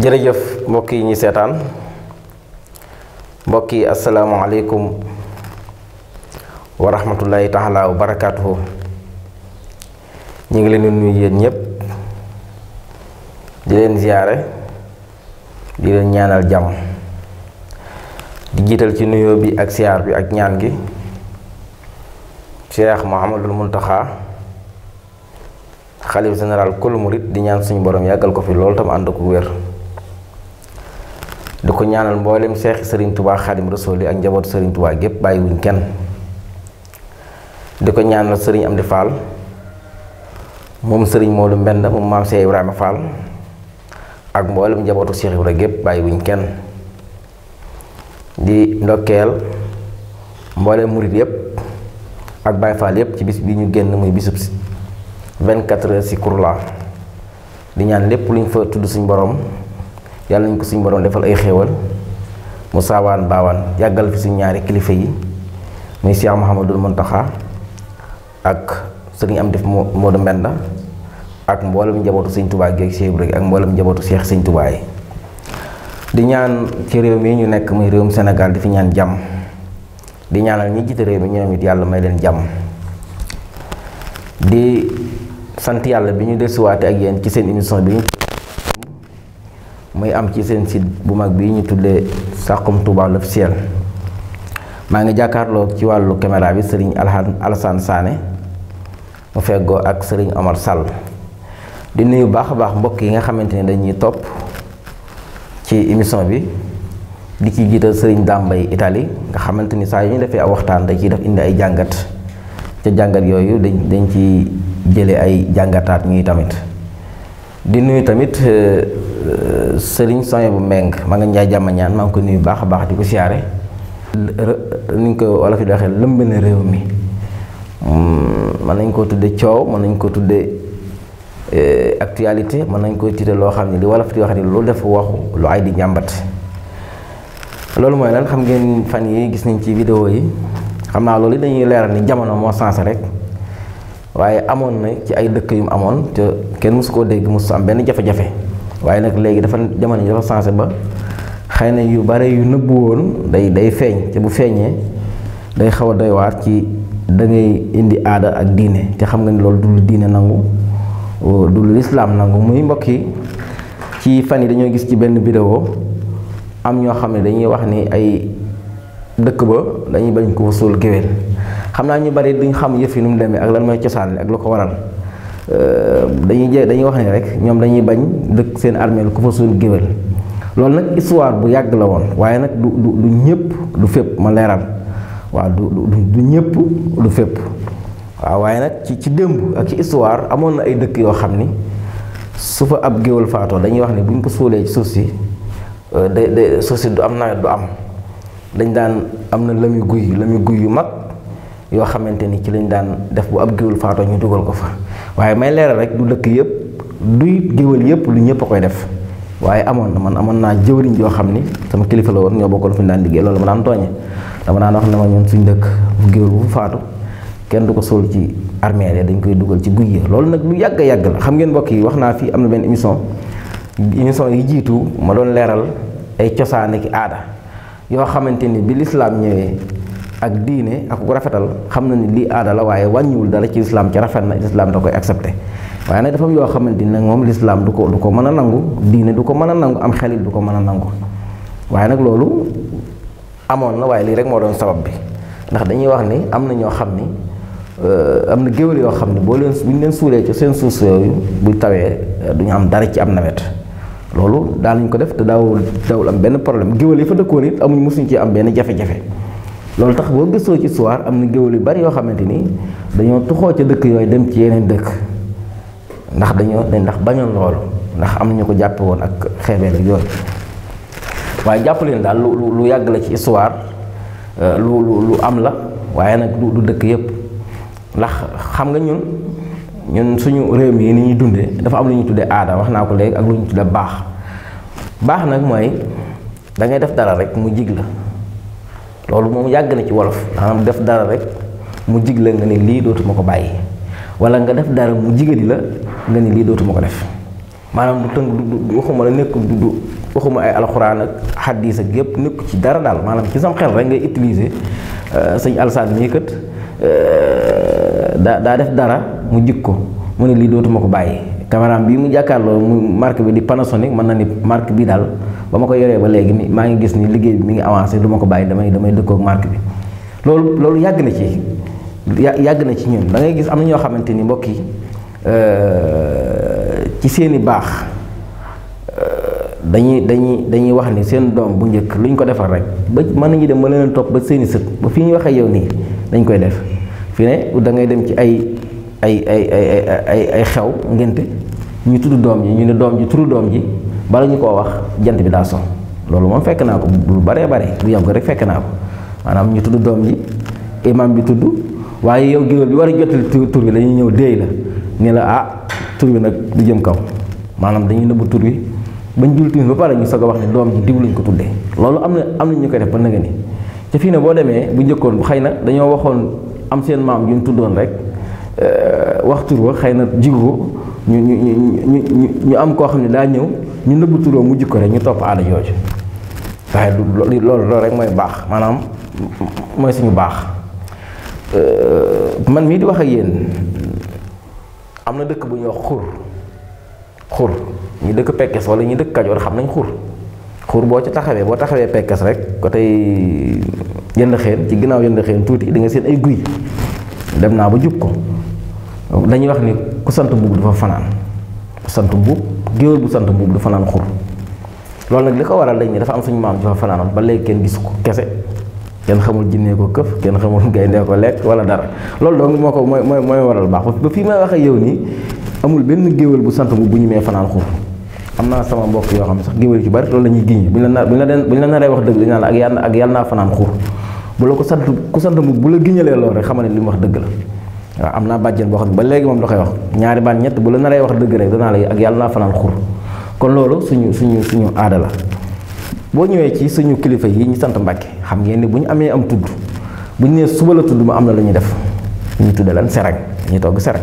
jërëjëf mbokk yi ñu seetaan mbokk yi asalaamaaleykum wa rahmatullahi taala ñu ngi leen di nuyu yéen ñëpp di leen ziyaare di leen ñaanal jàmm di jiital ci nuyoo bi ak siyaar bi ak ñaan gi Cheikh Mouhamadul Muntaxa xalif général kul murit di ñaan suñu borom yàggal ko fi loolu tam ànd ko wér di ko ñaanal mboolem seexi sëriñ tubaa xaadim rasool yi ak njabootu sëriñ tubaa gépp bàyyiwuñ kenn di ko ñaanal sëriñ Amdi Fall moom sëriñ Modou Mbend moom maam Cheikh Ibrahima Fall ak mboolem njabootu Cheikh Ibra gépp bàyyiwuñ kenn di ndokkeel mboolem murit yépp ak Baay Faal yépp ci bis bi ñu génn muy bisub 24 heures ci Kurla di ñaan lépp lu ñu fa tudd suñ boroom yàlla nañ ko suñ suñu borom defal ay xéewal mu saawaan baawaan yàggal fi suñu ñaari kilifa yi muy Cheikh Mouhamadul Mountakha ak sëriñ am def Modou Mbenda ak mboolem njabootu sëñ Tuubaa gi ak Cheikh ak mboolem njabootu seex sëñ Tuubaa di ñaan ci réew mi ñu nekk muy réewum senegal di fi ñaan jàmm di ñaanal ñi jiite réew mi ñoom it yàlla may leen jàmm di sant yàlla bi ñu desuwaate ak yéen ci seen émission bi muy am ci seen site bu mag bi ñu tuddee Saxum Touba l'officiel maa ngi jàkkaarloo ci wàllu kamera bi sëriñ Alassane saane mu feggoo ak sëriñ Omar Sall di nuyu baax a baax mbokk yi nga xamante ne dañuy topp ci émission bi di ci jiital sëriñ Dambay itali nga xamante ni saa yu ñu defee ab waxtaan da ciy def indi ay jàngat ca jàngat yooyu dañ dañ ci jële ay jàngataat ñuy tamit di nuyu tamit euh, sëriñ Sonia bu Meng maa ngi njaay jàmm ñaan maa ngi ko baax a baax di ko siyaare ni ñu ko wala fi doxee lëmb na réew mi mm, mën nañ koo tudde coow mën nañ ko tudde eh, actualité mën nañ ko tudde loo xam ne li wala fi di wax ni lu def waxu lu ay di njàmbat loolu mooy lan xam ngeen fan yi gis nañ ci vidéo yi xam naa loolu dañuy leeral ni jamono moo sensé rek waaye amoon na ci ay dëkk yu mu amoon te kenn mosu koo dégg mosu am benn jafe-jafe waaye nag léegi dafa jamono ji dafa sensé ba xëy na yu bare yu nëbbu woon day day feeñ te bu feeñee day xaw a doy ci dangay indi aada ak diine te xam nga ni loolu du diine nangu du lislaam nangu muy mbokk yi ci fan yi dañoo gis ci benn vidéo am ñoo xam ne dañuy wax ni ay dëkk ba dañuy bañ ko fa suul géwél xam naa ñu bari duñ xam yëf yi nu mu demee ak lan mooy cosaan li ak lu ko waral Euh, dañuy jé dañuy wax ne rek ñoom dañuy bañ dëkk seen armeel lu ko fa suul géwél loolu nag histoire bu yàgg la woon waaye nag du du du ñëpp du fépp ma leeral waa du du du ñëpp du fépp waaw waaye nag ci ci démb ak ci histoire amoon na ay dëkk yoo xam ni su fa ab géwél faatoo dañuy wax ne bu ñu ko suulee ci suuf si euh, day day du am nawet du am dañ daan am na lami guy lami guy yu mag yoo xamante ni ci lañ daan def bu ab géwél faatoo ñu dugal ko fa waaye may leeral rek du dëkk yëpp duy géwël yëpp lu ñëpp a koy def waaye amoon na man amoon naa jëwriñ yoo xam ni sama kilifa la woon ñoo bokkoon fi ñu daan liggéey loolu ma daan tooñe dama daan wax ne ma ñun suñ dëkk bu géwël bu faatu kenn du ko sóol ci armée ya dañ koy dugal ci guy ya loolu nag lu yàgg a yàgg la xam ngeen mbokk yi wax naa fii am na benn émission émission yi jiitu ma doon leeral ay cosaan ak aada yoo xamante ni bi lislaam ñëwee ak diine ak rafetal xam na ni lii aada waaye wàññiwul dara ci lislaam ci rafet na lislaam da koy accepté waaye nag dafa am yoo xamante ni nag moom lislaam du ko du ko mën a nangu diine du ko mën a nangu am xelit du ko mën a nangu waaye nag loolu amoon na waaye lii rek moo doon sabab bi ndax dañuy wax ni am na ñoo xam ni euh, am na géwél yoo xam ne boo leen bu ñu leen suuree ci seen suuf yooyu buy tawee euh, du ñu am dara ci am nawet loolu daal nañ ko def daawul daawul am benn problème géwél yi fa dëkkoon it amuñ mosuñ ci am benn jafe loolu tax boo gëstoo ci histoire am na géwél yu bari yoo xamante ni dañoo tuxoo ca dëkk yooyu dem ci yeneen dëkk ndax dañoo ndax bañoon loolu ndax am nañu ko jàppe woon ak xeebeel ak yooyu waaye jàpp leen daal lu lu yàgg la ci histoire euh, lu lu am la waaye nag du dëkk yépp ndax xam nga ñun ñun suñu réew mi ni ñuy dundee dafa am lu ñuy tuddee aada wax naa ko léegi ak lu ñu tuddee baax baax nag mooy da def dara rek mu jig la loolu moom yàgg na ci wolof maanaam def dara rek mu jig la nga ne lii dootuma ko bàyyi wala nga def dara mu jigadi la nga ne lii dootuma ko def maanaam du tënk du waxuma la nekk du waxuma ay alxuraan ak xaddiis ak yépp nekk ci dara daal maanaam ci sam xel rek ngay utiliser euh, sëñ alsaan mii kat euh, daa daa def dara mu jig ko mu ne lii dootuma ko bàyyi caméra bi mu jàkkaarloo mu marque bi di Panasonic mën na ne marque bi daal ba ma ko yoree ba léegi ni maa ngi gis ni liggéey bi mi ngi avancé du ma ko bàyyi damay damay dëkkook marque bi loolu loolu yàgg na ci yàgg na ci ñun da gis am na ñoo xamante ni mbokk yi euh, ci seeni baax euh, dañuy dañuy dañuy wax ni seen doom bu njëkk lu ñu ko defal rek ba mën nañu dem ba leen topp ba seeni sët ba fi ñu waxee yow nii dañ koy def fi ne da ngay dem ci ay ay ay ay xew ngénte ñu tudd doom ji ñu ne doom ji turu doom ji bala ñu koo wax jant bi daa son loolu moom fekk naa ko bu baree bare bu yàgg rek fekk naa ko maanaam ñu tudd doom ji imam bi tudd waaye yow géwél bi war a jottali tur bi dañuy ñëw déey la ni la ah tur bi nag du jëm kaw maanaam dañuy nëbb tur bi bañ jul timis ba pare ñu soog a wax ne doom ji diw lañ ko tuddee loolu am na am na ñu ko def ba nga ni te fii ne boo demee bu njëkkoon bu xëy na dañoo waxoon am seen maam yu ñu tuddoon rek euh, wax tur wa xëy na jigu ko ñu am koo xam ne daa ñëw ñu nëbb turam mu ko rek ñu topp aada jooju waaye du loolu loolu rek mooy baax maanaam mooy suñu baax euh, man mii di wax a yéen am na dëkk bu ñu wax xur xur ñu dëkk pekkes wala ñu dëkk kajoor xam nañ xur xur boo ci taxawee boo taxawee pekkes rek côté yënd xeen ci ginnaaw yënd xeen tuuti di nga seen ay guy dem naa ba jub ko dañuy wax ni ku sant bugg dafa fanaan sant mbuub géwél bu sant mbuub du fanaan xur loolu nag li ko waral lañ ne dafa am suñu maam dafa fanaanoon ba léegi kenn gis ko kese kenn xamul jinnee ko këf kenn xamul gayndee ko lekk wala dara loolu doo moo ko mooy mooy mooy waral baax ba fii may wax ak yow nii amul benn géwél bu sant mbuub bu ñu mee fanaan xur am naa sama mbokk yoo xam ne sax géwél ci bari loolu la ñuy giññe bu ñu la bu ñu la bu ñu la naree wax dëgg dañu naan la ak yàlla ak yàlla naa fanaan xur bu la ku sant mbuub bu la giñalee loolu rek xamal ne li mu wax dëgg la waaw am naa bàjjen boo xam ne ba léegi moom da koy wax ñaari baat ñett bu la naree wax dëgg rek danaa la ak yàlla naa fanaan xur kon loolu suñu suñu suñu aadala boo ñëwee ci suñu kilifa yi ñu sant Mbàkke xam ngeen ni bu ñu amee am tudd bu ñu nee suba la tudd ma am na lu ñuy def ñu tuddee lan sereng ñu togg sereng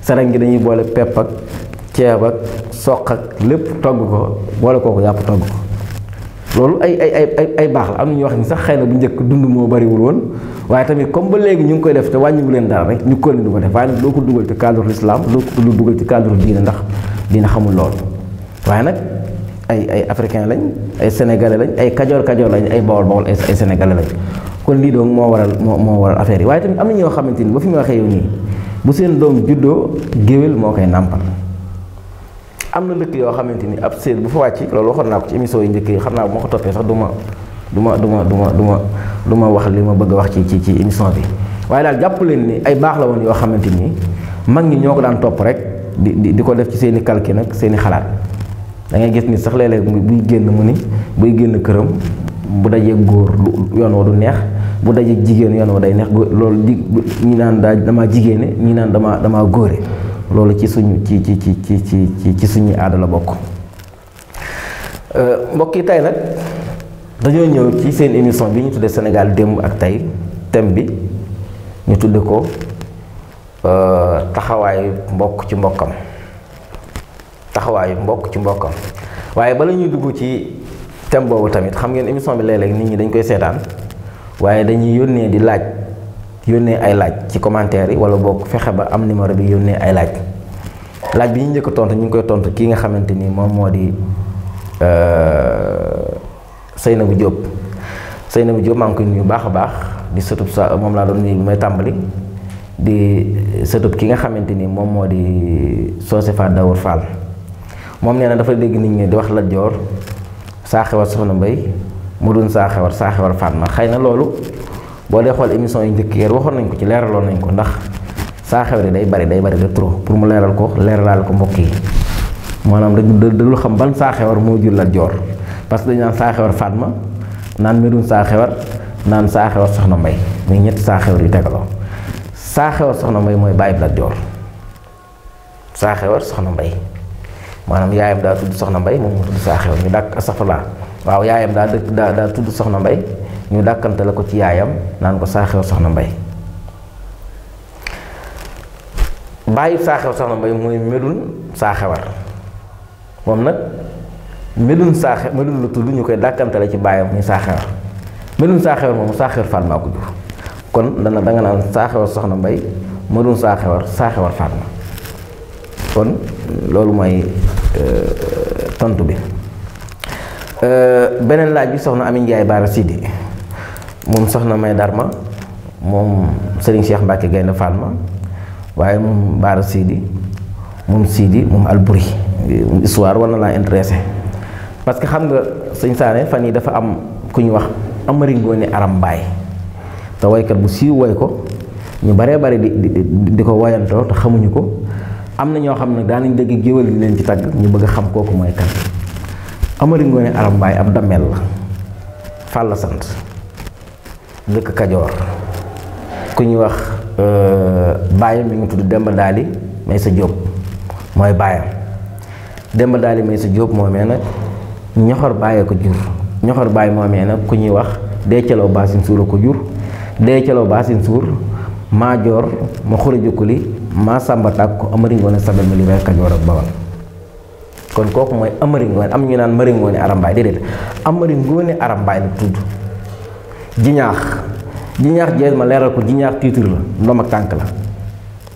sereng gi dañuy boole pepp ak ceeb ak soq ak lépp togg ko boole kooku yàpp togg ko loolu ay ay ay ay baax la am na ñuy wax ni sax xëy na bu njëkk dund moo bariwul woon waaye tamit comme ba léegi ñu ngi koy def te wàññiwu leen dara rek ñu ko leen ko def waaye ko dugal ci cadre l'islam loo ko dugal ci cadre diine ndax dina xamul lool waaye nag ay ay africain lañ ay sénégalais lañ ay kajoor kajoor lañ ay bawol bawol ay sénégalais lañ kon lii doon moo waral moo moo waral affaire yi waaye tamit am na ñoo xamante ni ba fi ma waxee yow nii bu seen doom juddoo géwél moo koy nàmpal am na lëkk yoo xamante ni ab séer bu fa wàcc loolu waxoon naa ko ci émission yi njëkk yi xam naa bu ma ko toppee sax du ma du ma du ma ma wax li ma bëgg a wax ci ci ci émission bi waaye daal jàpp leen ni ay baax la woon yoo xamante nii mag ñi ñoo ko daan topp rek di di ko def ci seen i calcul nag seeni xalaat da ngay gis ni sax léeg-léeg buy génn mu ni buy génn këram bu dajee góor lu yoon wa du neex bu dajee jigéen yoon wa day neex loolu di ñi naan daa damaa jigéene ñi naan damaa damaa góore loolu ci suñu ci ci ci ci ci ci suñu aada la bokk euh, mbokk yi tey nag dañoo ñëw ci seen émission bi ñu tuddee Sénégal démb ak tey thème bi ñu tuddee ko euh, taxawaayu mbokk ci mbokkam taxawaayu mbokk ci mbokkam waaye bala ñuy dugg ci thème boobu tamit xam ngeen émission bi léeg-léeg nit ñi dañ koy seetaan waaye dañuy yónnee di laaj yónnee ay laaj ci commentaire yi wala boo fexe ba am numéro bi yónnee ay laaj laaj bi ñu njëkk a tontu ñu ngi koy tontu kii nga xamante ni moom moo di euh, Seynabou Diop Seynabou Diop maa ngi koy nuyu baax a baax di sëtub saa moom laa doon nuyu bi may tàmbali di sëtub ki nga xamante ni moom moo di Socé Fall Daour Fall moom nee na dafa dégg nit ñi di wax la Joor saa xewar na Mbay mu dun saa xewar saa xewar Fatma xëy na loolu boo dee xool émission yu njëkk yéen waxoon nañ ko ci leeraloon nañ ko ndax. saa xew ne day bari day bari de trop pour mu leeral ko leeralaal ko mbokk yi maanaam dañu dul xam ban saa xewar moo jur Lat Joor parce que dañu naan saa xewar naan Medoune saa naan saa xewar Soxna Mbay muy ñetti saa xewar yu tegaloo saa xewar Mbay mooy bàyyi la Joor saa xewar Soxna Mbay maanaam yaayam daa tudd Soxna Mbay moom mu tudd saa xewar ñu dàkk astafurlaa waaw yaayam daa dëkk daa daa tudd Soxna Mbay ñu dàkkante la ko ci yaayam naan ko saa xewar Soxna Mbay bàyyi saaxewar soxna mbay mooy melun saaxewar moom nag melun saaxe melun la tudd ñu koy dàkkantale ci bàyyam muy saaxewar melun saaxewar moom saaxewar faal maa ko jur kon dana danga naan saaxewar soxna mbay melun saaxewar saaxewar faal ma kon loolu mooy euh, tontu bi euh, beneen laaj bi soxna ami Njaay Baara Sidi moom soxna may Darma moom Serigne Cheikh Mbacke Gaynde Fall ma waaye moom Baara Sidi moom Sidi moom Alburi histoire war na laa intéressé parce que xam nga sëñ Saane fan yi dafa am ku ñu wax Amari Ngoone arambaay Mbaay te woykat bu siiw woy ko ñu baree bari di di di ko woyantoo te xamuñu ko am na ñoo xam ne daanañ dégg géwél gi leen ci tàgg ñu bëgg xam kooku mooy kan Amari Ngoone Aram ab dammel la fàll sant dëkk Kajoor ku ñu wax Euh, bàyyam mi ngi tudd Demba Daali sa Jóob mooy bàyyam demb Daali sa Jóob moomee nag ñoxor bàyyee ko jur ñoxor bàyyi moomee nag ku ñuy wax deecaloo baasin suur a ko jur deecaloo baasin suur maa joor ma xura jukkuli maa sàmbataak ko amari ngoone sabel ma li bay kajoor ak bawal kon kooku mooy amari ngoone am ñu naan mari ngoone arambaay déedéet amari ngoone arambaay la tudd jiñaax jiñaax Dièze ma leeral ko Djignakh titre la ndoom ak tànk la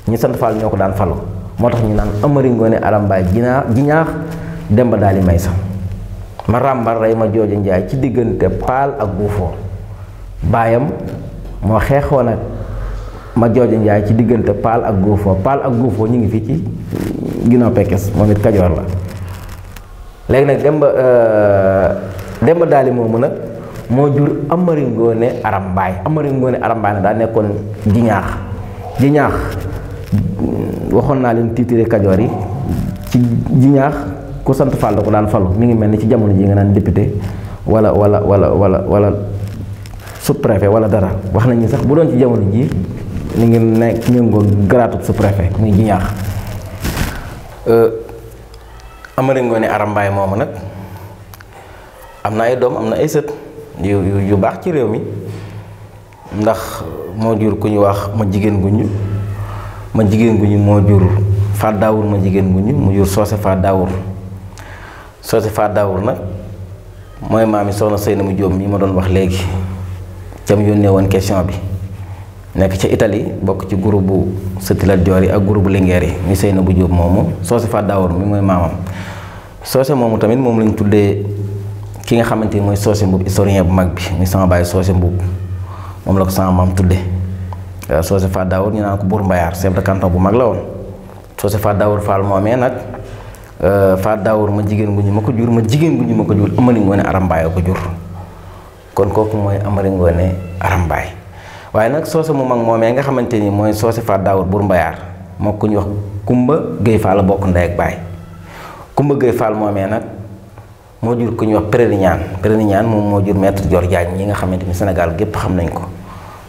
ñu sant Fall ñoo ko daan falu moo tax ñu naan Amari Ngoone Aram Mbaay Djignakh Djignakh Demba Daali Maysa ma ràmbar rey ma jooja njaay ci diggante paal ak buufoo baayam moo xeexoon ak ma jooja njaay ci diggante paal ak guufoo paal ak guufoo ñu ngi fii ci ginnaaw pekkes moom it kajoor la léegi nag demba euh, demba daali moomu nag moo jur Amari Ngoone Aram Amari Ngoone Aram daa nekkoon jiñaax jiñaax waxoon naa leen tiitire kajoor yi ci jiñaax ku sant Fall ku daan falu mi ngi mel ni ci jamono ji nga naan député wala wala wala wala wala sous-préfet wala dara wax nañu sax bu doon ci jamono ji ni ngi nekk méngoo garaatub sous-préfet muy jiñaax euh, Amari Ngoone Aram moomu nag am na ay doom am na ay sët yu yu baax ci réew mi ndax moo jur ku ñu wax ma jigéen gu ma jigéen gu ñu moo jur faa daawur ma jigéen gu ñu mu jur soose faa daawur soose faa daawur nag mooy maam yi soxna sëy na mu jóom yi ma doon wax léegi cam yónnee woon question bi nekk ca Italie bokk ci groupe bu sëti Joor yi ak groupe lingeer Linguère yi ñu sëy na bu jóom moomu soose faa daawur mi mooy maamam soose moomu tamit moom lañ tuddee ki nga xamante ni mooy Socé Mbuub historien bu mag bi muy sama baay Socé Mbuub moom la ko sama maam tudde Daawur Buur Mbayaar bu mag la woon Socé Fall nag euh, Fall Daawur ma jigéen bu ñu jur ma jigéen bu ñu ma ko jur ko jur kon kooku mooy waaye nag Socé mu mag moomee nga xamante ni mooy Socé Fall Daawur Buur moo ko ñu wax Kumba Géy Fall la bokk ndey ak baay Kumba Géy Fall moomee nag moo jur ku ñuy wax Pierre Lignane Pierre Lignane moom moo jur maître Dior Diagne ñi nga xamante ni Sénégal gépp xam nañ ko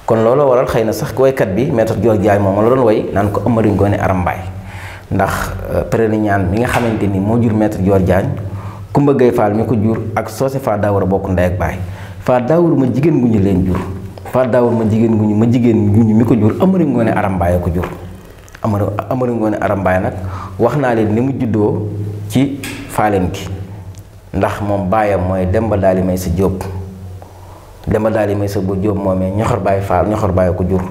kon loolu waral xëy na sax woykat bi maître Dior Diagne moom la doon woy naan ko Amari Ngoone Aram Mbaay ndax euh, Pierre Lignane mi nga xamante ni moo jur maître Dior Diagne Kumba Gay Faal mi ko jur ak soose daawar bokk ndey ak baay faa daawar ma jigéen gu ñu leen jur faa ma jigéen gu ñu ma jigéen gu ñu mi ko jur Amari Ngoone Aram ko jur Amari Amari Ngoone Aram nag wax naa leen ni mu juddoo ci faaleen gi ndax moom baayam mooy Demba Daali Maysa Jóob daal Daali may bu Jóob moomee ñoxor baay faal ñoxor baay ko jur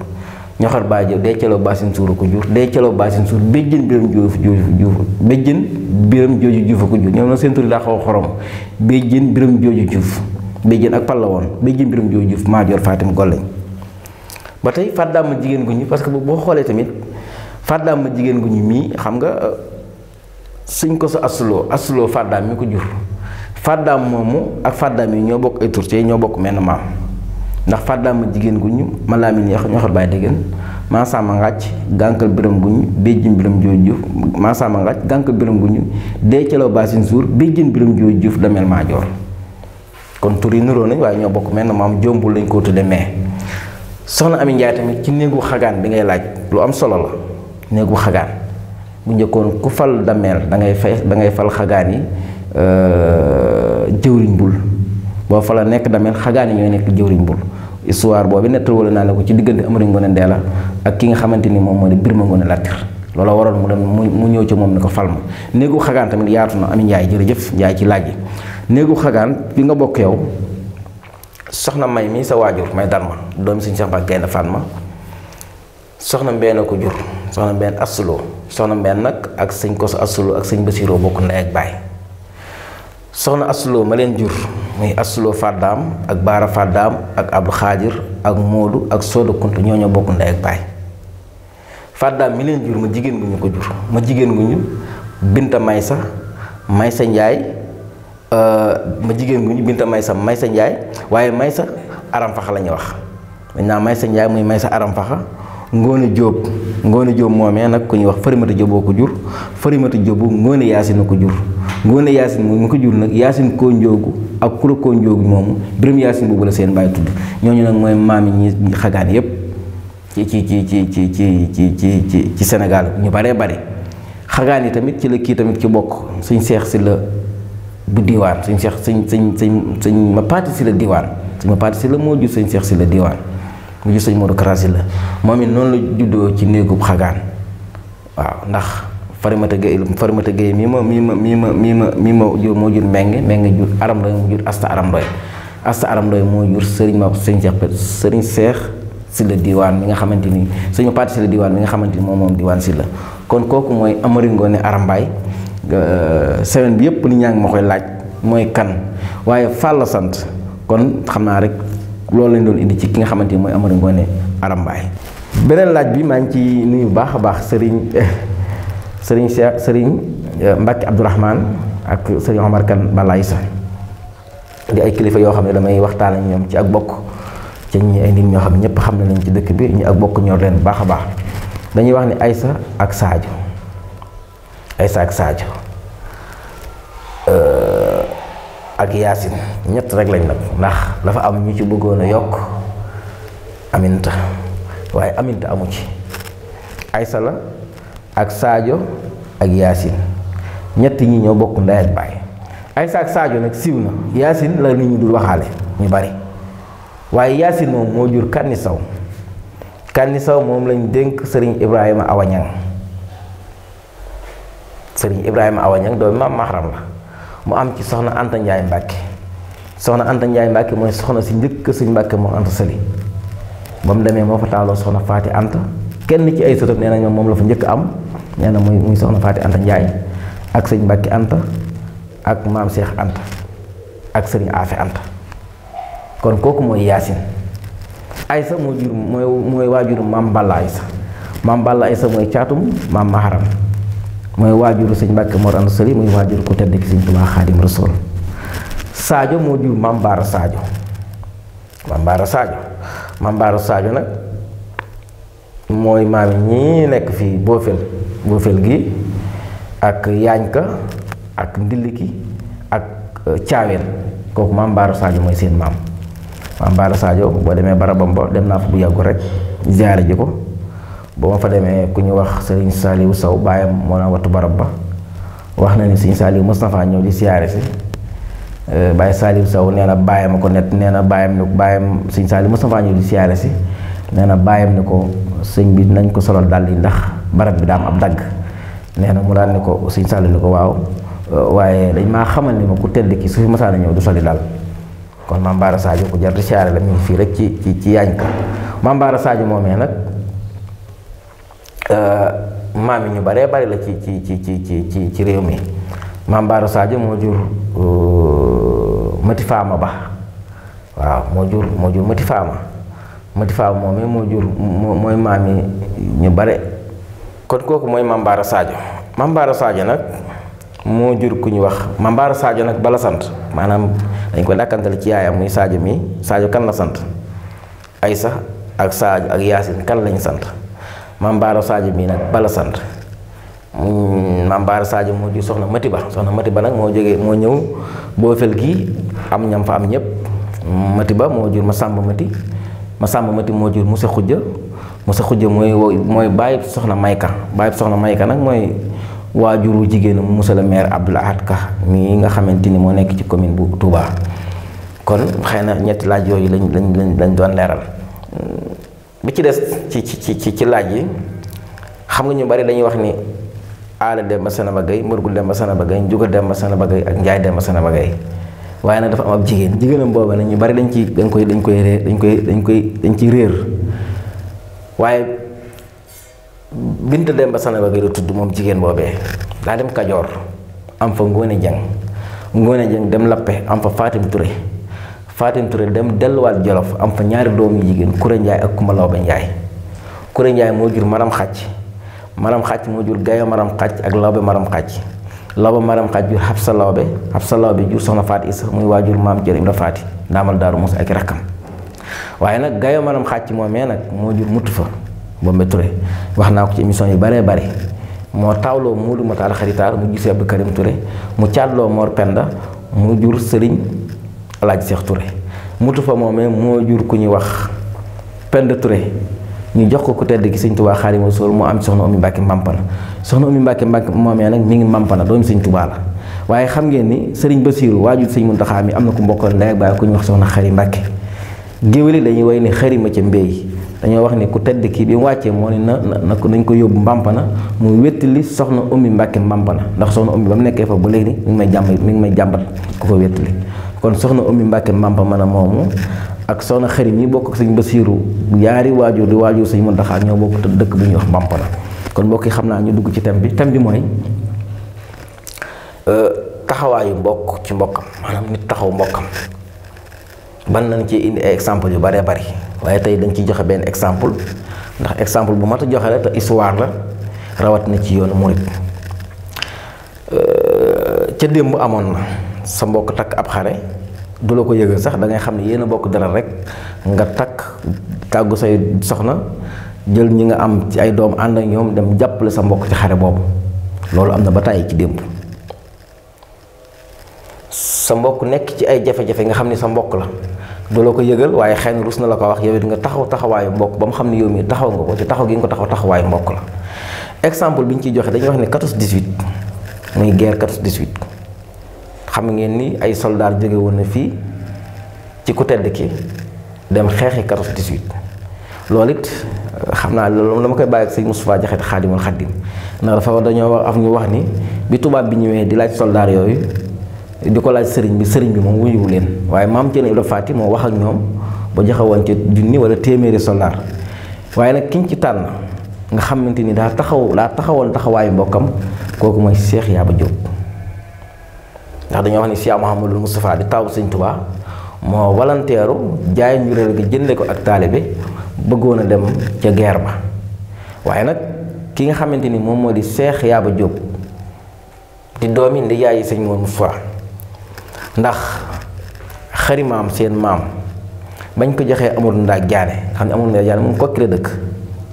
ñoxor baay Jóob day caloo baasin suur ko jur day caloo baasin suur béjjën biram juuf juuf juuf béjjën biram jooju juuf ko jur ñoom na seen tur daa xaw xorom béjjën biram jooju juuf béjjën ak palla woon béjjën biram jooju juuf maa jor Fatim Golleñ ba tey fàddaam jigéen gu ñu parce que boo xoolee tamit fàddaam jigéen gu ñu mii xam nga euh, suñ ko sa asuloo asuloo fàddaam mi ko jur fàddaam moomu ak fàddaam yi ñoo bokk ay tur te ñoo bokk menn maam ndax fàddaam jigéen gu ñu malaam yi ñoo xot bàyyi déggéen maasaama ngàcc gànkal biram gu ñu béjjin biram jooy juuf maasaama ngàcc gànkal biram gu ñu dee calaw baasin suur béjjin biram jooy juuf damel maa kon tur yi niroo nañ waaye ñoo bokk menn maam jombu lañ ko tudde mais soxna Ami Njaay tamit ci néegu xagaan bi ngay laaj lu am solo la néegu xagaan bu njëkkoon ku fal dameel da ngay fay da ngay fal xagaan yi euh, jëwriñ bul boo fa la nekk damel xagaani ñooy nekk jëwriñ bul histoire boobu nettal wala naa la ko ci diggante Amari Ngoone Ndeela ak ki nga xamante ni moom moo di Birma Ngoone Latir loola waroon mu dem mu ñëw ci moom ni ko fal ma néegu xagaan tamit yaatu na Amin Njaay jërëjëf Njaay ci laaj yi néegu xagaan bi nga bokk yow soxna may mi sa waajur may dal ma doomi suñu sax ba gaynde fan ma soxna mbenn ko jur soxna mbenn soxna mbenn nag ak sëñ koso ak sëñ basiroo bokk ndey ak baay soxna asloo ma leen jur muy asloo fàddaam ak baara fàddaam ak abdu xaajir ak móodu ak sooda kunt ñoo ñoo bokk ndey ak baay fàddaam mi leen jur ma jigéen gu ñu ko jur ma jigéen gu ñu binta maysa maysa njaay euh, ma jigéen gu ñu binta maysa maysa njaay waaye maysa aram faxa la ñuy wax dañ naa maysa njaay muy maysa aram faxa ngoone jóob ngoone jóob moomee nag ku ñuy wax farimata jóoboo ko jur farimata jóobu ngoone yaasin na ko jur ngoone yaasin moom mu ko jur nag yaasin koo njoogu ak kura koo njoogu moomu biram yaasin boobu la seen bàyyi tudd ñooñu nag mooy maam yi ñu xagaan yépp ci ci ci ci ci ci ci ci ci Sénégal ñu baree bare xagaan yi tamit ci la kii tamit ci bokk suñ seex si la bu diwaan suñ seex suñ suñ suñ suñ ma paati si la diwaan suñ ma paati si la moo jur suñ seex si la diwaan mu jur suñ Modou Kara si la moom it noonu la juddoo ci néegub xagaan waaw ndax Farimata Gueye Farimata Gueye mii ma mii ma mii ma mii ma mii ma jur moo jur Mbengue Mbengue jur Aram Ndoye mu jur Asta Aram Ndoye Asta Aram Ndoye moo jur Serigne ma Serigne Cheikh Serigne Cheikh Sylla Diwaan mi nga xamante ni suñu parti Sylla Diwaan mi nga xamante ni moom moom Diwaan Sylla kon kooku mooy Amari Ngoone Aram Mbaay euh, semaine bi yëpp ni ñaa ngi ma koy laaj mooy kan waaye Fall la sant kon xam naa rek loolu lañ doon indi ci ki nga xamante ni mooy Amari Ngoone Aram Mbaay beneen laaj bi maa ngi ci nuyu bu baax a baax Serigne. sëriñ Cheikh sëriñ Mbacke Abdourahman ak sëriñ Omar Kane di ay kilifa yoo xam ne damay waxtaan ak ñoom ci ak bokk ci ñi ay nit ñoo xam ne ñëpp xam ne lañ ci dëkk bi ñu ak bokk ñor leen baax a baax dañuy wax ni Aïssa ak Sadio Aïssa ak Sadio euh, ak Yaasin ñett rek lañ nag ndax dafa am ñu ci bëggoon a yokk Aminta waaye Aminta amu ci Aïssa la. ak saajo ak Yacine ñett ñi ñoo bokk ndey ak baay Aïssa ak Sadio nag siiw na Yacine la nit ñi dul waxaale ñu bari waaye Yacine moom moo jur Kani Sow Kani Sow moom lañ dénk Serigne Ibrahima Awañang Serigne Ibrahima Awañang doomi maam Mahram la mu am ci soxna Anta Ndiaye Mbacke soxna Anta Ndiaye Mbacke mooy soxna si njëkk suñ Mbacke moo Anta Sali ba mu demee moo fa taaloo soxna Faati ant kenn ci ay sëtam nee nañ moom la fa njëkk am. nee na muy muy soxna Faati Anta Njaay ak sëñ Mbàkke Anta ak maam Cheikh Anta ak sëriñ Afe Anta kon kooku mooy Yaasin Aysa moo jur mooy mooy waajuru maam Balla Aysa maam Balla Aysa mooy caatum maam Maharam mooy waajuru sëñ Mbàkke Mor Anta Sali muy waajuru ku tedd ki sëñ Tuubaa Xaadim Rasuul Saajo moo jur maam Baara Saajo maam Baara Saajo maam Baara Saajo nag mooy maam ñii nekk fii Boofel wëfel gi ak yaañka ak ndilliki ak euh, caaween kooku maam Baara Sadio mooy seen maam maam Baara Sadio boo demee barabam ba dem naa fa bu yàggu rek ziyaare ji ko boo ma fa demee ku ñu wax Serigne Saliou saw baayam moo naa wattu barab ba wax na ni siñ Saliou Moustapha ñëw di siyaare si euh, Baye Saliou Sow nee na baayam ko net nee na baayam ni baayam Serigne Saliou Moustapha ñëw di siyaare si nee na baayam ni ko sëñ bi nañ ko solal dàll di ndax barab bi daa am ab dagg nee na mu daal ni ko sëñ Saliou ni ko waaw euh, waaye dañ maa xamal ni ma ku tedd ki su fi masaana ñëw du soli daal kon maam Baara Sadio ku jar di la ñu fii rek ci ci ci yaañ ko euh, maam Baara Sadio ñu baree bari la ci ci ci ci ci ci réew mi maam Baara moo jur euh, Mati Faama Ba waaw moo jur moo jur Mati Faama Mati Faama moomee moo jur mooy maam yi ñu bare. kon kooku mooy Mambaara Sadio Mambaara Sadio nag moo jur ku ñu wax Mambaara Sadio nag bala sant maanaam dañ ko dàkkantal ci yaayam muy Sadio mi Sadio kan la sant ay sa ak Sadio ak Yaasin kan lañu sant Mambaara Sadio mii nag bala sant mm, Mambaara Sadio moo jur soxna Mati Ba soxna Mati Ba nag moo jógee moo ñëw boo fel gi am ñam fa am ñëpp Mati Ba moo jur ma Masamba Mati ma Masamba Mati moo jur Musa Xujja Moussa Khoudia mooy mooy bàyyi soxna Mayka bàyyi soxna Mayka nag mooy waajuru jigéenu Moussa le maire Abdoul Ahad Ka mii nga xamante ni moo nekk ci commune bu Touba kon xëy na ñetti laaj yooyu lañ lañ lañ doon leeral bi ci des ci ci ci ci laaj yi xam nga ñu bari dañuy wax ni aala Demba Sanaba Gueye Mërgul Demba Sanaba Gueye Njuga Demba Sanaba Gueye ak Njaay Demba Sanaba Gueye waaye nag dafa am ab jigéen jigéenam booba nag ñu bari dañ ci dañ koy dañ koy dañ koy dañ koy dañ ciy réer waaye Binta dem ba gi la tudd moom jigéen boobee daa dem Kajoor am fa Ngoone Jeng Ngoone Jeng dem Lappe am fa Fatim Touré Fatim ture dem delluwaat Jolof am fa ñaari doomu jigéen Kuré Njaay ak Kumba Lawbe Njaay Kuré Njaay moo jur Maram Xàcc Maram xacc moo jur Gayo Maram Xàcc ak Lawbe Maram Xàcc Lawbe Maram Xàcc jur Xabsa Lawbe Xabsa Lawbe jur Soxna Faati Isa muy waajur maam Jërim la Faati daamal Daaru Musa ak rakkam waaye nag gayo maram xàcc moomee nag moo jur mutt fa Bombe Touré wax naa ko ci émission yu baree bare moo tawloo Moodu Matar Xaritaar mu gisee Abdou Karim Touré mu càlloo Mor Penda mu jur Sëriñ Alaaji Seex ture mutu fa moomee moo jur ku ñuy wax Penda Touré ñu jox ko ku tedd gi sëñ Tuubaa Xaadimu Rasuul moo am soxna Oumy Mbacke Mampana soxna Oumy Mbacke Mbacke moomee nag mi ngi Mampana doomu sëñ Tuubaa la waaye xam ngeen ni sëriñ Basiiru waajur sëñ Muntaxaa mi am na ku mbokkal ndey baa baay ku ñuy wax soxna Xari Mbacke géwél yi dañuy way ni xarima ca mbéy dañoo wax ni ku tedd kii bi mu wàccee moo ni na na nañ ko yóbbu Mbampana mu wéttali soxna Oumy Mbacke Mbampana ndax soxna Oumy ba mu nekkee fa ba léegi mi ngi may jàmbat mi ngi may jàmbat ku fa wéttali kon soxna Oumy Mbacke Mbampana moomu ak soxna xarim yi bokk sëñ Basiiru yaari waajur di waajur sëñ Muntaxa ñoo bokk te dëkk bu ñuy wax Mbampana kon mbokk yi xam naa ñu dugg ci tem bi thème bi mooy euh, taxawaayu mbokk ci mbokkam maanaam taxaw mbokkam ban nañ ci indi ay exemple yu baree bari waaye tey dañ ciy joxe benn exemple ndax exemple bu mat a joxe la te histoire la rawat na ci yoonu murit euh, ca démb amoon na sa mbokk takk ab xare du la ko yëgal sax da ngay xam ne yéen a bokk dara rek nga takk tàggu say soxna jël ñi nga am ci ay doom ànd ak ñoom dem jàppale sa mbokk ci xare boobu loolu am na ba tàyyi ci démb sa mbokk nekk ci ay jafe-jafe nga xam ni sa mbokk la du la ko yëgal waaye xëy na rus na la ko wax yow it nga taxaw taxawaayu mbokk ba mu xam ne yow mii taxaw nga ko te taxaw gi nga ko taxaw taxawaayu mbokk la exemple bi ñu ciy joxe dañuy wax ne 14 18 muy guerre 14 18 xam ngeen ni ay soldats jóge woon na fii ci ku tedd ki dem xeexi 14 loolu it euh, xam naa loolu dama koy bàyyi ak sëñ Moustapha Jaxate xaadimul xaddim ndax dafa dañoo wax am ñu wax ni bi tubaab bi ñëwee di laaj soldats yooyu. di ko laaj sëriñ bi sëriñ bi moom wuyuwu leen waaye maam Thierno Ibrahima Fati moo wax ak ñoom ba joxewoon ci junni wala téeméeri soldaar waaye nag kiñ ci tànn nga xamante ni daa taxaw daa taxawoon taxawaayu mbokkam kooku mooy Cheikh Yaba Diop ndax dañoo wax ni Cheikh Mouhamadul Moustapha di taw sëñ Tuubaa moo volontaire jaay ñu réer gi jënde ko ak taalibe bëggoon a dem ca guerre ba waaye nag ki nga xamante ni moom moo di Cheikh Yaba Diop di doomi ndeyaayi sëñ Moustapha ndax xari xarimaam seen maam bañ ko joxee amul ndaag jaane xam ne amul ndaag jaane mu kokki la dëkk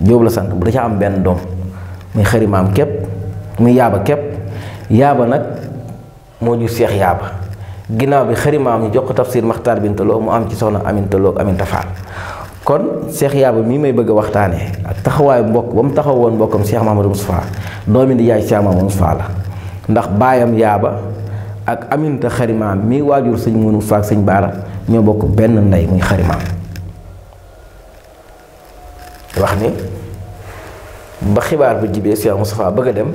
jóob la sant bu da ca am benn doom muy xarimaam képp muy yaaba képp yaaba nag moo jur seex yaaba ginnaaw bi xarimaam ñu jox ko tafsir maxtaar bintaloo mu am ci soxna amintaloo aminta faal kon seex yaaba mii may bëgg a waxtaanee ak taxawaayu mbokk ba mu taxaw woon mbokkam seex Mamadou Moustapha doomi di yaay seex Mamadou Moustapha la ndax baayam yaaba ak Aminta xarimaam mi waajur sëñ Mourou Faak sëñ Baara ñoo bokk benn ndey muy xarimaam wax ni ba xibaar bu jibee Cheikh Moustapha bëgg a dem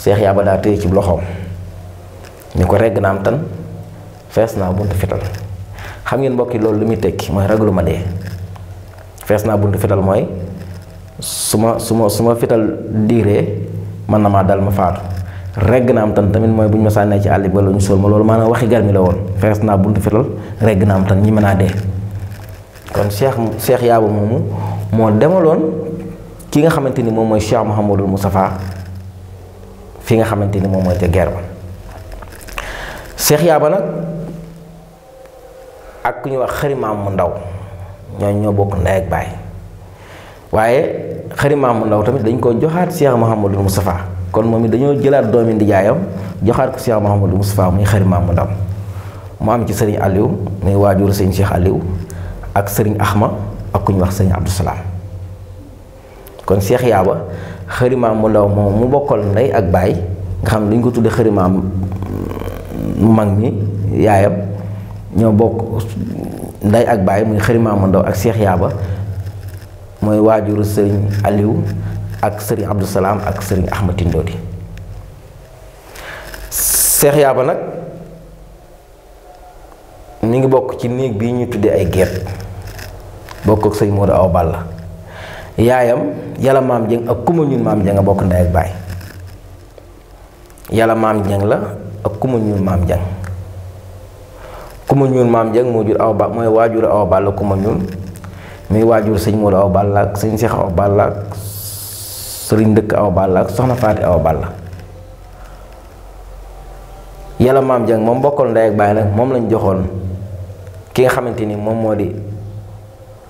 Cheikh Yaba daa téye ci loxoom ñu ko regg naam tan fees naa buntu fital xam ngeen mbokk loolu lu muy tekki mooy ragalu ma dee fees naa buntu fital mooy su ma su ma su ma fital diiree mën na maa dal ma faatu. regg na am tan tamit mooy bu ñu ma sànnee ci àll bi wala ñu sol ma loolu maanaam waxi gar mi la woon fees naa buntu firal regg na am tan ñi mën a dee kon cheikh cheikh yaabu moomu moo demaloon ki nga xamante ni moom mooy cheikh Mouhamadul Moustapha fi nga xamante ni moom mooy ca guerre ba yaaba nag ak ku ñu wax xarimaam mu ndaw ñooñ ñoo bokk ndey ak baay waaye xarimaam mu ndaw tamit dañ ko joxaat cheikh Mouhamadul Moustapha kon moom it dañoo jëlaat doomi ndijaayam joxaat ko Cheikh Mouhamadou Moustapha muy mu am ci sëriñ Aliou muy waajur sëriñ Cheikh Aliou ak sëriñ Axma ak ku ñu wax sëriñ kon Cheikh Yaaba xërimaam mu ndaw mu bokkal ndey ak baay xam ne ñu ko tuddee xërimaam mu mag mi yaayam ñoo bokk ak baay muy xërimaam ak Cheikh Yaaba mooy waajuru sëriñ Aliou ak sëriñ Abdou Salaam ak sëriñ Ahmad Tindodi Seex Yaaba nag mi ngi bokk ci néeg bi ñu tuddee ay geet bokk ak sëñ Modou Awa Balla yaayam yàlla maam jëng ak kuma ñun maam jëng a bokk ndey la ak kuma ñun maam jëng kuma ñun maam jëng moo jur aw mooy waajur aw balla kuma ñuul muy waajur sëñ Modou Awa Balla ak sëñ Seex Awa Balla ak sëriñ dëkk aw Balla ak soxna faati aw Balla yàlla maam jàng moom bokkal ndey ak baay nag moom lañu joxoon ki nga xamante ni moom moo di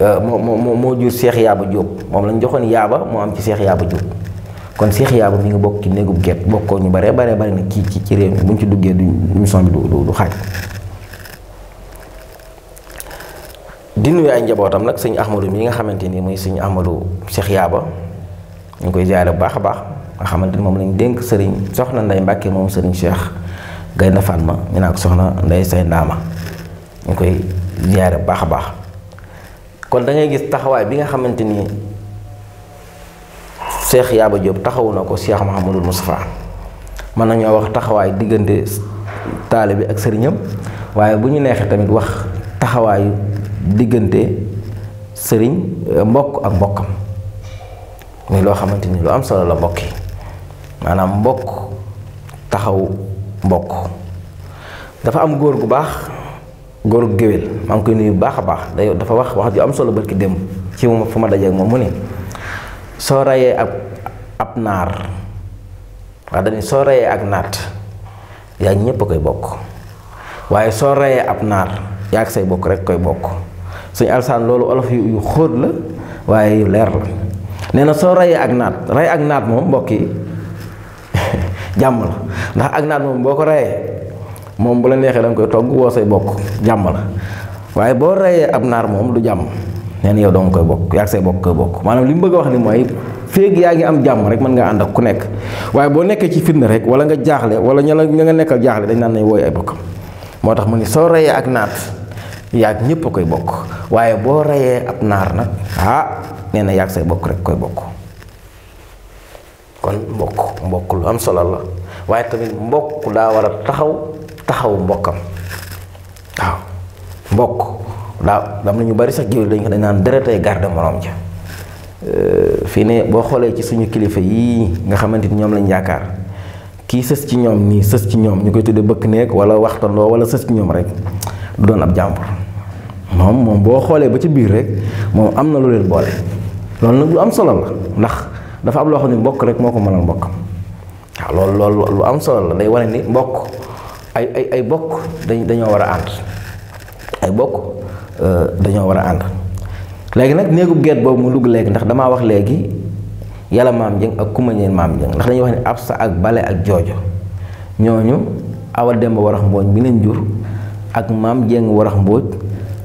euh, moo moo jur seex yaaba jóob moom lañ joxoon yaaba moo am ci seex yaaba jóob kon seex yaaba mi ngi bokk ci néegub gett bokkoon ñu bare bare bare na kii ci ci réew mi bu ci duggee du émission du du xaaj di nuyu ay njabootam nag sëñ Ahmadou mi nga xamante ni mooy sëñ Ahmadou seex yaaba ñu koy jaare bu baax a baax nga xamante ni moom lañu dénk sëriñ soxna nday Mbàkke moom sëriñ Cheikh Gaynde Fatma ñu naa soxna nday say ndaama ñu koy bu baax a baax kon da gis taxawaay bi nga xamante ni Cheikh Yaaba Diop taxawu na ko Cheikh Mouhamadul Moustapha mën nañoo wax taxawaay diggante taalibe bi ak sëriñam waaye bu ñu neexee tamit wax taxawaayu diggante sëriñ mbokk ak mbokkam muy loo xamante ni lu am solo la mbokk maanaam mbokk taxaw mbokk dafa am góor gu baax góor gu géwél maa ngi koy nuyu baax a baax day dafa wax wax ju am solo barki démb ci moom fu ma dajeeg moom mu ne soo rayee ab ab naar wax dañu soo rayee ak naat yaa ñépp a koy bokk waaye soo rayee ab naar yaa ak say bokk rek koy bokk suñu alsaan loolu olof yu xóot la waaye yu leer la nee na soo rayee ak naat ray ak naat moom mbokk yi jàmm la ndax ak naat moom boo ko rayee moom bu la neexee da koy togg woo say bokk jàmm la waaye boo rayee ab naar moom du jàmm nee na yow doo koy bokk yaa say bokk koy bokk maanaam li mu bëgg a wax ni mooy féeg yaa ngi am jàmm rek mën nga ànd ak ku nekk waaye boo nekkee ci fitna rek wala nga jaaxle wala ña la nga nekkal jaaxle dañ naan nañ wooy ay bokkam moo tax mu ni soo rayee ak naat yaag a koy bokk waaye boo rayee ab naar nag ah, nee na yàgg say bokk rek koy bokk kon mbokk mbokk lu am solo la waaye tamit mbokk daa war a taxaw taxaw mbokkam waaw mbokk daa dam na ñu bari sax géwél dañ ko dañ naan deretay garde moroom ja euh, fii ne boo xoolee ci suñu kilifa yii nga xamante ni ñoom lañ yaakaar kii sës ci ñoom nii sës ci ñoom ñu koy tuddee bëkk néeg wala waxtandoo wala sës ci ñoom rek du doon ab jàmbur moom moom boo xoolee ba ci biir rek moom am na lu leen boole loolu nag lu am solo la ndax dafa am loo xam ne mbokk rek moo ko mënal mbokk waaw loolu loolu lu am solo la day wane ni mbokk ay ay ay bokk dañ dañoo war a ànd ay bokk euh, dañoo war a ànd léegi nag néegub geet boobu mu dugg léegi ndax damaa wax léegi yàlla maam jëng ak kumañeen maam jëng ndax dañuy wax ne absa ak bale ak joojo ñooñu awa demba warax mbooñ bi leen jur ak maam jëng warax mbóoj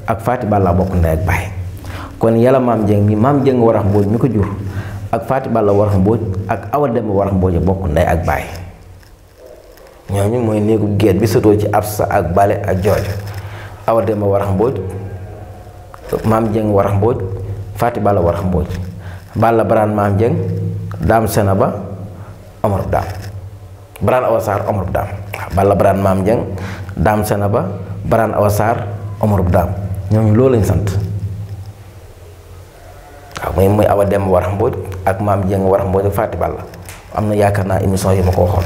ak faati bàllaa bokk ndey ak baay kon yàlla maam Dieng mi maam Dieng warax mbooj mi ko jur ak Faati Balla warax mbooj ak Awa Demba warax mbooj bokk ndey ak baay ñooñu mooy néegu géet bi sotoo ci Absa ak Bale ak joojo Awa Demba warax mbooj maam Dieng warax mbooj Faati Balla warax mbooj Balla Baraan maam Dieng Daam Senaba ba Daam Baraan Awa Sarr Omar Daam Balla Baraan maam Dieng Daam Senaba Baraan loolu lañ sant. waaw mooy muy Awa Dem Warax Mbodj ak maam Dieng Warax Mbodj ak Fatou Balla am na yaakaar naa émission yi ma ko waxoon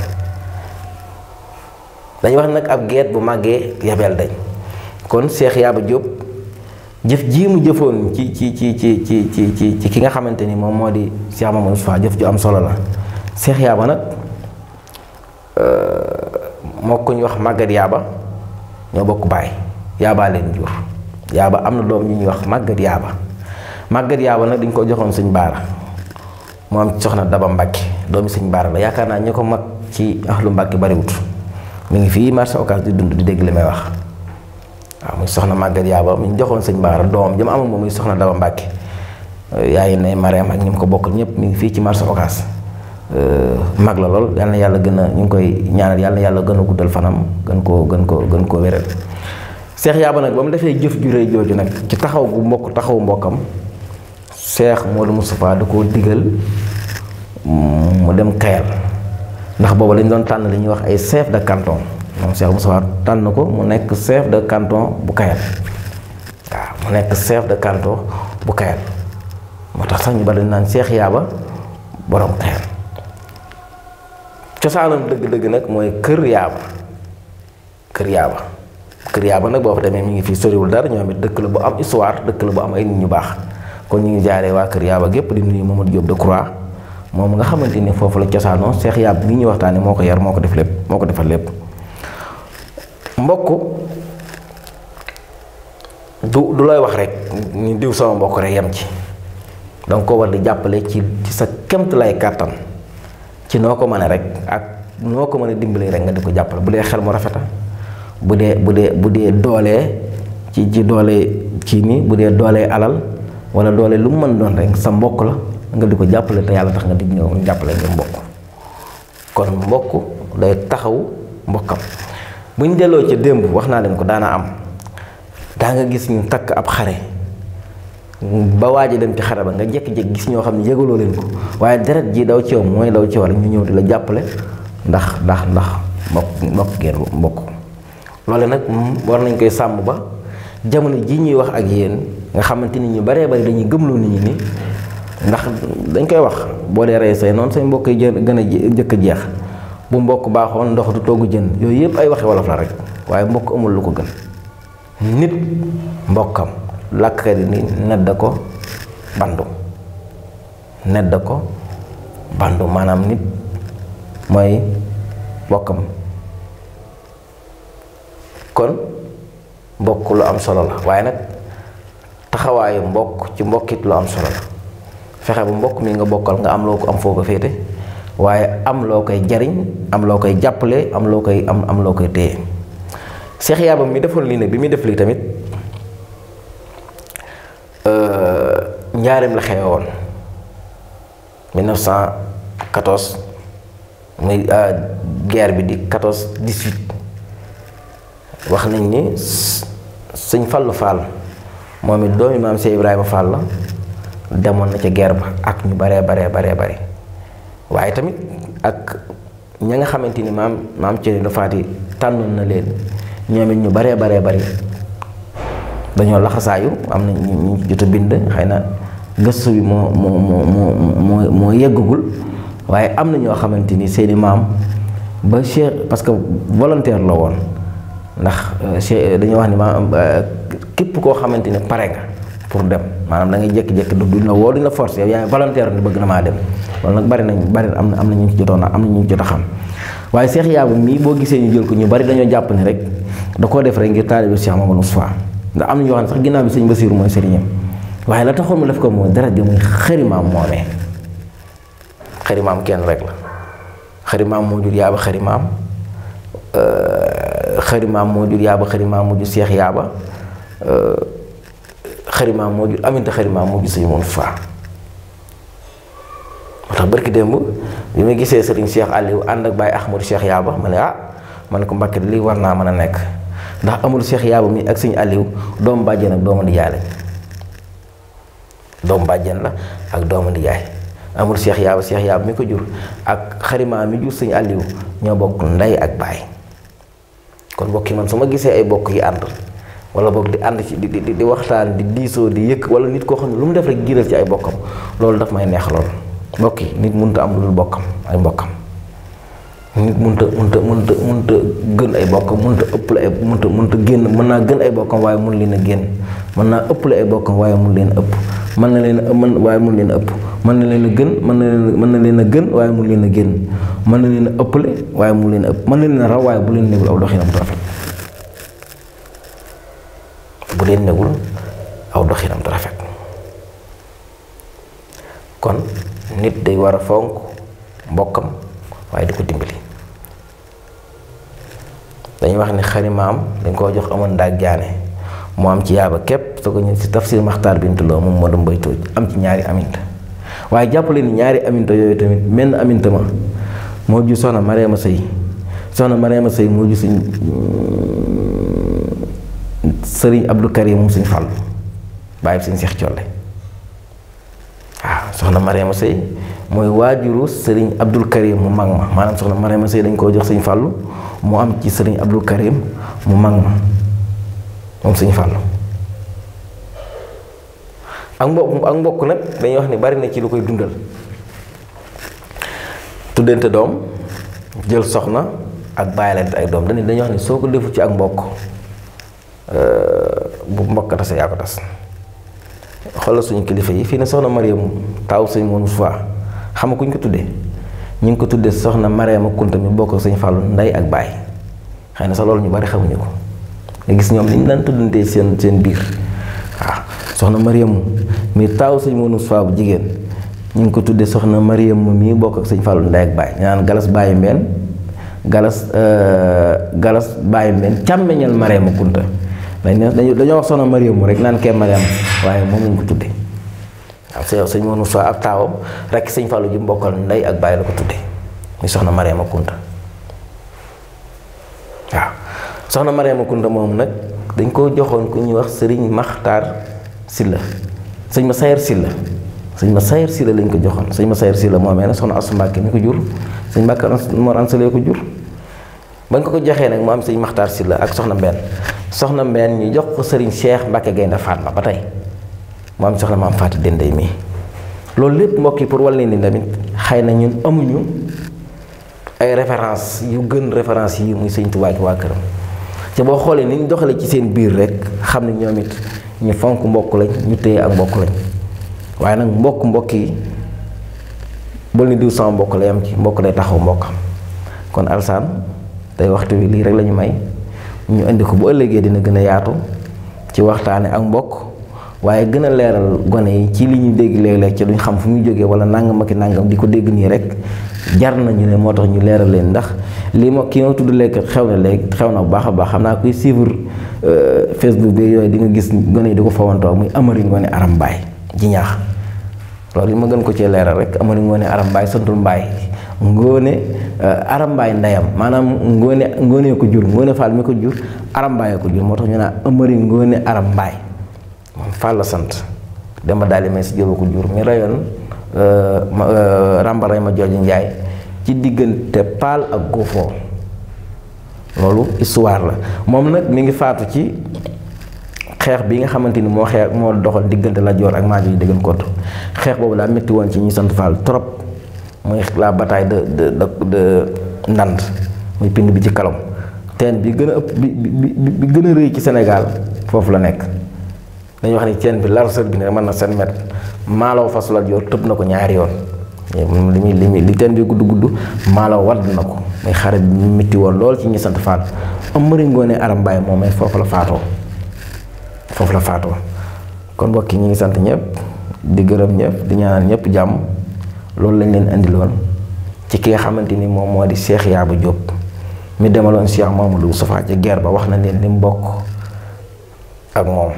dañu wax nag ab geet bu màggee yabeel dañ kon Cheikh Yaba Diop jëf jii mu jëfoon ci ci ci ci ci ci ci ci ki nga xamante ni moom moo di Cheikh Mamadou Moustapha jëf ju am solo la Cheikh Yaba nag euh, moo ko ñu wax màggat Yaba ñoo bokk baay Yaba leen jur Yaba am na doom ñu ñuy wax màggat Yaba. màggat yaaba nag dañ ko joxoon sëñ baara mu am soxna daba mbàkke doomi sëñ baara la yaakaar naa ñi ko mag ci axlu mbàkke bariwut mu ngi fii marché Ocass di dund di dégg li may wax waaw muy soxna màggat joxoon sëñ baara doom jëm amul moom muy soxna daba mbàkke euh, yaay nay Mariam ak ñu ko bokkal ñëpp mu ngi fii ci marché Ocass euh, mag la lool yal yàlla gën a ñu ngi koy ñaanal yàlla yàlla gën a guddal fanam gën koo gën koo gën koo wéral seex yaaba nag ba mu defee jëf ju jooju nag ci taxaw gu mbokk taxaw mbokkam Cheikh Modou Moustapha da koo digal mu dem Kayal ndax booba lañ doon tànn li ñuy wax ay chef de canton moom Cheikh Moustapha tànn ko mu nekk chef de kanton bu Kayal waaw mu nekk chef de canton bu Kayal moo tax sax ñu bari naan Cheikh Yaaba borom Kayal cosaanam dëgg-dëgg nag mooy kër Yaaba kër Yaaba kër Yaaba nag boo fa demee mi ngi fi soriwul dara ñoom it dëkk la bu am histoire dëkk la bu am ay nit ñu baax. kon ñu ngi jaaree waa kër Yaaba gépp di nuyu Mamadou Diop Decroix moom mu nga xamante ni foofu la cosaanoo Cheikh Yaab bi ñuy waxtaanee moo ko yar moo ko def lépp moo ko defal lépp mbokk du du looy wax rek ni diw sama mbokk rek yem ci danga ko war di jàppale ci ci sa kemt lay kàttan ci noo ko mënee rek ak noo ko mën a dimbalee rek nga di ko jàppale bu dee xel mu rafeta bu dee bu dee bu dee doolee ci ci doolee ci nii bu dee doolee alal wala doole lu mu mën doon rek sa mbokk la nga di ko jàppale te yàlla tax nga di ñëw jàppale nga mbokk kon mbokk day taxaw mbokk bu ñu delloo ca démb wax naa leen ko daana am daa nga gis ñu takk ab xare ba waaji dem ci xare ba nga jékki-jékki gis ñoo xam ne yëgaloo leen ko waaye deret ji daw ci yow mooy daw ci war ñu ñëw di la jàppale ndax ndax ndax mbokk mbokk ngeen mbokk loole nag war nañ koy sàmm ba jamono jii ñuy wax ak yéen nga xamante ni ñu baree bari dañuy gëmloo nit ñi ni ndax dañ koy wax boo dee rey say noonu say mbokk yi gën a jëkk a jeex bu mbokk baaxoon ndox du togg jën yooyu yëpp ay waxi wolof la rek waaye mbokk amul lu ko gën nit mbokkam làkkat ni nedd ko bandu nedd ko bandu maanaam nit mooy mbokkam kon mbokk lu am solo la waaye nag xawaayu mbokk ci mbokkit lu am solo la fexe bu mbokk mi nga bokkal nga am loo ko am foo féete waaye am loo koy jariñ am loo koy jàppale am loo koy am am loo koy téye Cheikh Yaba mi defoon lii ne bi muy def lii tamit euh, njaareem la xewe woon 1914 muy euh, guerre bi di 14 18 wax nañ ni sëñ Fallou Fall. moom it doomi maam Cheikh Ibrahima Fall la demoon na ca guerre ba ak ñu baree baree baree bari waaye tamit ak ña nga xamante ni maam maam Thierno Ibra Faty tànnoon na leen ñoom ñu baree baree bari dañoo laxasaayu am na ñu jot a bind xëy na gëstu bi moo moo moo moo moo yeggagul waaye am na ñoo xamante ni seeni maam ba Cheikh parce que volontaire la woon ndax euh, Cheikh dañoo wax ni maam. Euh, képp koo xamante ne pare nga pour dem maanaam da ngay jékki-jékki du duñ woo duñ la force yow yaa ngi bëgg na dem loolu nag bari nañ bari am na am na ñu ci jotoon am na ñu jot a xam waaye Cheikh Yabou mii boo gisee ni jël ko ñu bari dañoo jàpp ne rek da ko def rek ngir taalibu Cheikh Mamadou Moustapha ndax am na ñoo xam ne sax ginnaaw bi sëñ Basiru mooy sëriñam waaye la taxoon mu def ko mooy dara ji muy xarimaam moomee xarimaam kenn rek la moo jur Yaaba xarimaam xarimaam moo jur Yaaba xarimaam moo jur Cheikh Yaba Euh, xarimaam moo jur aminta xarimaam moo jur sëñ Modou Fall moo tax barki démb bi ma gisee sëriñ Cheikh Aliou ànd ak Baye Ahmadou Cheikh Yaaba ma ne ah ma ne ko Mbàkke li war naa mën a nekk ndax amul Cheikh Yaaba mi ak sëñ Aliou doomu bàjjen ak doomu nijaay lañ la ak doomu amul Cheikh Yaaba mi ko jur ak xarimaam mi jur sëñ Aliou ñoo bokk ndey ak baay kon mbokk yi man su ma gisee ay bokk yi ànd wala boog di ànd ci di di di waxtaan di diisoo di yëkk wala nit koo xam ne lu mu def rek ci ay bokkam loolu dafa may neex lool mbokk yi nit mënut a am lu dul bokkam ay mbokkam nit mënut a mënut a gën ay bokkam mënut a ëpp la ay mënut a mënut génn mën naa gën ay bokkam waaye mun leen a génn mën naa ëpp la ay bokkam waaye mun leen ëpp mën na leen a mën waaye mun leen a ëpp mën na leen a gën mën na leen mën na leen a gën waaye mun leen a génn mën na leen a ëppale waaye mun leen a ëpp mën na leen a raw waaye bu leen néewul aw doxinam bu leen newul aw doxinam du rafet kon nit day war a fonk mbokkam waaye di ko dimbali dañuy wax ni xarimaam dañ koo jox amoon ndaag jaane moo am ci yaaba képp soo ko ñu si tafsir maxtaar bintuloo moom moo doon mbay tooj am ci ñaari aminta waaye jàpp leen ñaari aminta yooyu tamit menn aminta ma moo ju soxna Mariama Sëy soxna Mariama Sëy moo ju suñ sëriñ Abdou Karim moom sëñ Fàllu bàyyi sëñ Seex Colle waaw ah, soxna Mariama Sëy mooy waajuru sëriñ Abdul Karim mu mag ma maanaam soxna Mariama Sëy dañ koo jox sëñ Fàllu mu am ci sëriñ Abdul Karim mu mag ma moom sëñ Fàllu ak mbokk ak mbokk nag dañuy wax ni bari na ci lu koy dundal tuddante doom jël soxna ak bàyyilante ay doom dañuy dañuy wax ni soo ko defu ci ak mbokk bu mbokk tase yaa ko tas xoolal suñu kilifa yi fii ne soxna Mariam taaw sëñ Moussa xam nga ku ñu ko tuddee ñu ngi ko tuddee soxna Mariama Kunta mi bokk sëñ Fallou ndey ak baay xëy na sax loolu ñu bari xamuñu ko nga gis ñoom li ñu daan seen seen biir waaw soxna Mariam mi taaw sëñ Moussa bu jigéen ñu ngi ko tuddee soxna Mariam mi bokk ak sëñ Fallou ndey ak baay ñu naan galas bàyyi mbeen galas euh, galas bàyyi mbeen càmmeñal Mariama Kunta dañu dañoo sono Mariam rek naan kee Mariam waaye moom lañ ko tudde waaw sëñ sëñ Mor Moussa ab taawam sëñ Fallou ji mbokkal ndey ak bàyyi la ko tudde soxna Mariama Kunta waaw soxna Mariama Kunta moom nag dañ koo joxoon ku ñuy wax sëriñ Maxtaar Silla sëñ ma Sayer Silla sëñ ma Sayer Silla lañ ko joxoon sëñ ma Sayer Silla moomee nag soxna Asu Mbàkke mi ko jur sëñ Mbàkke Mor Ansalee ko jur bañ ko ko joxee nag mu am sëñ Maxtaar Silla ak soxna Mbenn soxna mbenn ñu jox ko sëriñ Cheikh Mbacke Gaynde Fatma ba tey moom soxna maam Fatou Dendeye mii loolu lépp mbokk yi pour wal leen ni tamit xëy na ñun amuñu ay référence yu gën référence yi muy sëñ Tuubaa ki waa këram te boo xoolee ni ñu doxalee ci seen biir rek xam ne ñoom it ñu fonk mbokk lañ ñu téye ak mbokk lañ waaye nag mbokk mbokk yi bul ni diw sama mbokk lay am ci mbokk lay taxaw mbokkam kon alsaan tey waxtu wi lii rek lañu may ñu indi ko bu ëllëgee dina gën a yaatu ci waxtaane ak mbokk waaye gën a leeral gone yi ci li ñuy dégg léeg-léeg ci duñ xam fu muy jógee wala nangam ak nangam di ko dégg nii rek jar nañu ne moo tax ñu leeral leen ndax lii ma ki nga tudd lekk xew na léegi xew na bu baax a baax xam naa kuy suivre euh, Facebook bi yooyu di nga gis gone yi di ko fawantoo muy Amari Ngoone Aram Mbaay ji ñaax loolu li ma gën ko cee leeral rek Amari Ngoone Aram Mbaay santul Mbaay Euh, arambaay ndeyam maanaam ngóone ngóone ko jur ngóone faal mi ko jur arambaay ko jur moo tax ñu naan ëmëri ngóone arambaay moom faal la sant dama daal di may si jëloo ko jur mi rayoon ràmba euh, ray ma euh, jooju njaay ci diggante paal ak góofoo loolu histoire la moom nag mi ngi faatu ci xeex bi nga xamante ni moo xeex moo doxal diggante la Joor ak Maajo yi dëggan kott xeex boobu daa métti woon ci ñi sant Faal trop mooy la bataille de de de de Ndande muy pind bi ci Kalom teen bi gën a ëpp bi bi bi gën a rëy ci Sénégal foofu la nekk dañuy wax ni teen bi largeur bi ne mën na seen mètre maalaw fas Lat tëb na ko ñaari yoon li muy li muy li teen bi gudd gudd maalaw wadd na ko muy xare bi mu métti woon lool ci ñi sant Fall Amari Ngoone Aram Mbaay moom foofu la faatoo foofu la faatoo kon mbokk yi ñu ngi sant ñëpp di gërëm ñëpp di ñaanal ñëpp jàmm. loolu lañ leen indiloon ci ki nga xamante ni moom moo di Cheikh bu Diop mu demaloon Cheikh Mamadou Moustapha ci guerre ba wax na leen li mu bokk ak moom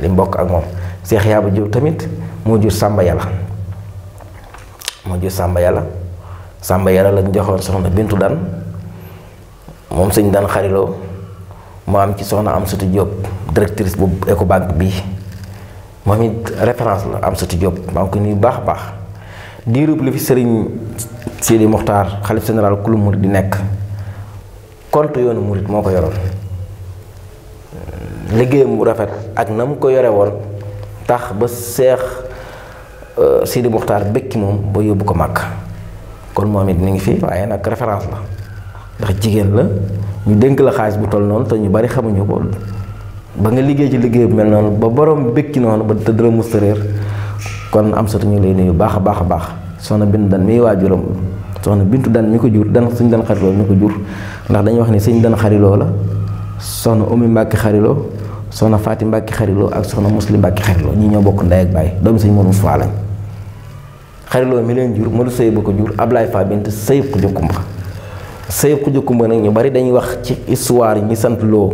li mu bokk ak moom Cheikh bu Diop tamit moo jur Samba Yàlla moo jur Samba Yàlla Samba Yàlla lañ joxoon soxna Bintu Dan moom sëñ Dan xariloo mu am ci soxna Amsatou Diop directrice bu Ecobank bii moom it référence la am sutu maa ngi ko nuyu baax baax. diirub li fi sëriñ Sidi Mokhtar xalif général kulu murit di nekk kont yoonu murit moo ko yoroon euh, liggéeyam bu rafet ak na mu ko yore woon tax ba seex euh, Sidi Mokhtar bëkki moom ba yóbbu ko màkk kon moom it mi ngi fi waaye nag référence la ndax jigéen la ñu dénk la xaalis bu toll noonu te ñu bari xamuñu ko ba nga liggéey ci liggéey bu mel noonu ba borom bëkki noonu ba te dara réer kon am satu ñu lay nuyu baax a baax a baax soxna benn dan mi waajuram soxna bintu dan mi ko jur dan suñ dan xariloo mi ko jur ndax dañuy wax ne suñ dan xariloo la soxna umi mbàkki xariloo soxna faati mbàkki xariloo ak soxna muslim mbàkki xariloo ñi ñoo bokk ndey ak baay doomi suñ mënum faa lañ xariloo mi leen jur ma du sëy ba ko jur Ablaay Faa bint sëy ko jokkumba sëy ko jokkumba nag ñu bari dañuy wax ci histoire yi ñu sant loo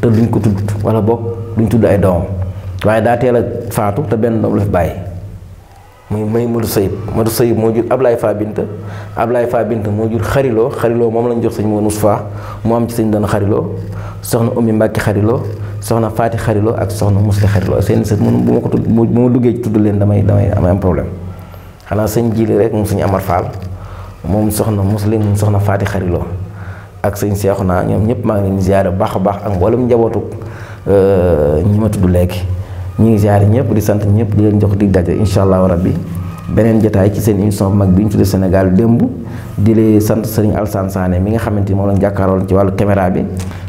te duñ ko tudd wala boog duñ tudd ay doomam waaye daa a faatu te benn doom la muy may Modou Sayib Modou Sayib moo jur Ablaye Fa Binta Ablaye Fa bint moo jur xariloo xariloo moom lañ jox sëñ Moodu Mustafaa mu am ci sëñ doon xariloo soxna Ummi Mbàkke xariloo soxna Faati xariloo ak soxna Musli xariloo seen sët mun ma ko tudd bu ma duggee ci tudd leen damay damay am problème xanaa sëñ Jili rek sëñ Amar Fall moom soxna Musli moom soxna Faati xariloo ak sëñ Seexuna ñoom ñëpp maa ngi leen baax a baax ak mboolem njabootu euh, ñu ma tudd léegi ñu ngi ziare ñëpp di sant ñëpp di leen jox dig daje incha allahu rabbi beneen jotaay ci seen émission bu mag bi ñu tuddee Sénégal démb di leen sant sëriñ Alsane Sané mi nga xamante ni moom lañ jàkkaaroon ci wàllu caméra bi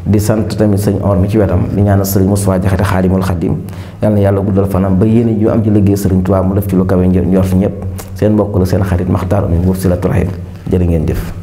di sant tamit sëñ Or mi ci wetam di ñaanal sëriñ Moussa Diakhaté xaadimul xadim yal yàlla guddal fanam ba yéene ju am ci liggéey sëriñ Tuubaa mu def ci lu kawe njort ñëpp seen mbokk la seen xarit Maxtaar Umi Wursilatu Rahim jërë ngeen jëf